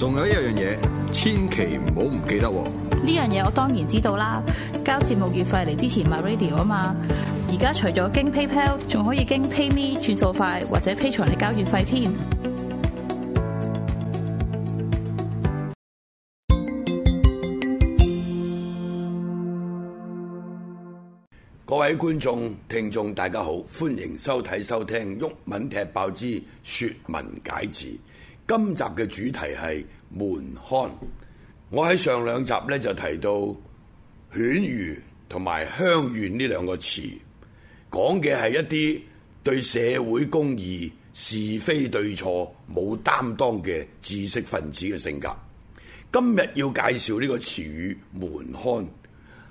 仲有一樣嘢，千祈唔好唔記得。呢樣嘢我當然知道啦，交節目月費嚟支持 MyRadio 啊嘛。而家除咗經 PayPal，仲可以經 PayMe 轉數快，或者 Patreon 嚟交月費添。各位觀眾、聽眾，大家好，歡迎收睇、收聽《毓民踢爆之説文解字》。今集嘅主題係顢頇。我喺上兩集呢就提到犬儒同埋鄉願呢兩個詞，講嘅係一啲對社會公義是非對錯冇擔當嘅知識分子嘅性格。今日要介紹呢個詞語顢頇，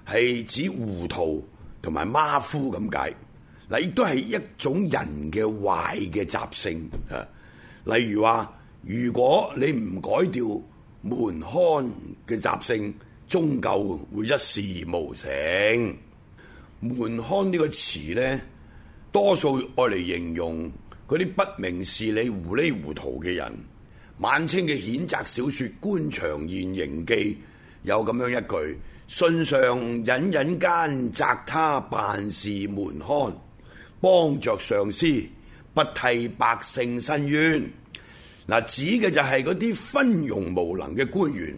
係指糊塗同埋馬虎咁解。你都係一種人嘅壞嘅習性啊。例如話。如果你唔改掉顢頇嘅習性，終究會一事無成。顢頇呢個詞呢，多數愛嚟形容嗰啲不明事理、糊裡糊塗嘅人。晚清嘅譴責小說《官場現形記》有咁樣一句：信上隱隱間責他辦事顢頇，幫著上司，不替百姓申冤。嗱，指嘅就係嗰啲昏庸無能嘅官員，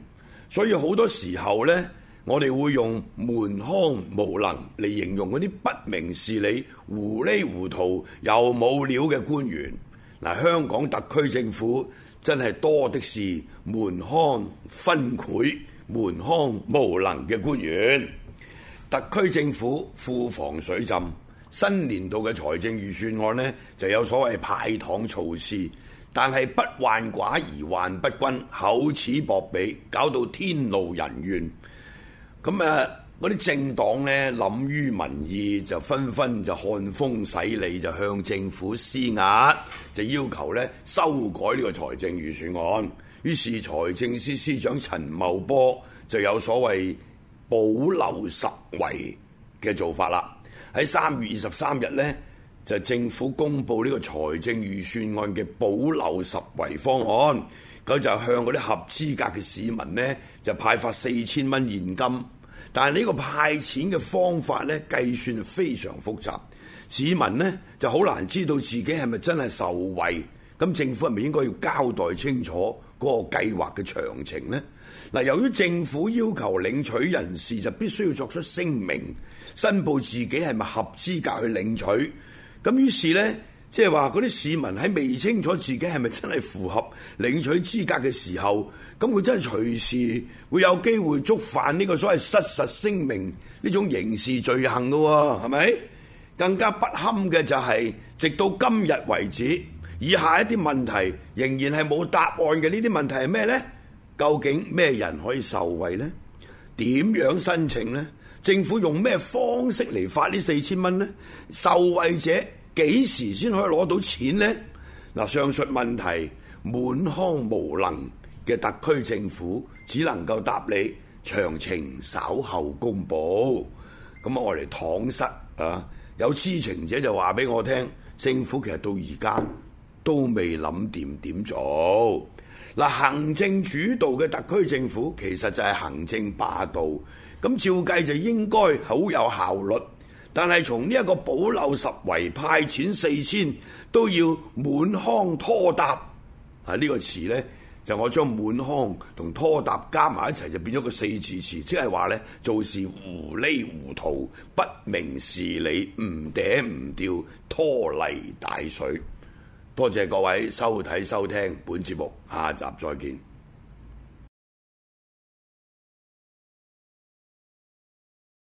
所以好多時候呢，我哋會用顢頇無能嚟形容嗰啲不明事理、糊里糊塗又冇料嘅官員。嗱，香港特區政府真係多的是顢頇昏聵、顢頇無能嘅官員，特區政府庫房水浸。新年度嘅財政預算案呢，就有所謂派糖措施，但係不患寡而患不均，厚此薄彼，搞到天怒人怨。咁啊，嗰啲政黨呢，諗於民意，就紛紛就看風使利，就向政府施壓，就要求呢修改呢個財政預算案。於是財政司司長陳茂波就有所謂保留實圍嘅做法啦。喺三月二十三日呢，就政府公布呢個財政預算案嘅保留十圍方案，佢就向嗰啲合資格嘅市民呢，就派發四千蚊現金。但係呢個派錢嘅方法呢，計算非常複雜，市民呢就好難知道自己係咪真係受惠。咁政府係咪應該要交代清楚？個計劃嘅詳情呢，嗱由於政府要求領取人士就必須要作出聲明，申報自己係咪合資格去領取，咁於是呢，即係話嗰啲市民喺未清楚自己係咪真係符合領取資格嘅時候，咁佢真係隨時會有機會觸犯呢個所謂失實聲明呢種刑事罪行嘅喎，係咪？更加不堪嘅就係，是，直到今日為止。以下一啲問題仍然係冇答案嘅，呢啲問題係咩呢？究竟咩人可以受惠呢？點樣申請呢？政府用咩方式嚟發呢四千蚊呢？受惠者幾時先可以攞到錢呢？嗱，上述問題顢頇無能嘅特區政府只能夠答你詳情稍後公佈，咁我嚟搪塞啊！有知情者就話俾我聽，政府其實到而家。都未諗掂點做嗱，行政主導嘅特區政府其實就係行政霸道，咁照計就應該好有效率。但係從呢一個保留十圍派錢四千都要顢頇拖沓啊！呢、這個詞呢，就我將顢頇同拖沓加埋一齊就變咗個四字詞，即係話呢：做事糊裡糊塗、不明事理、唔嗲唔吊、拖泥帶水。多謝各位收睇收聽本節目，下集再見。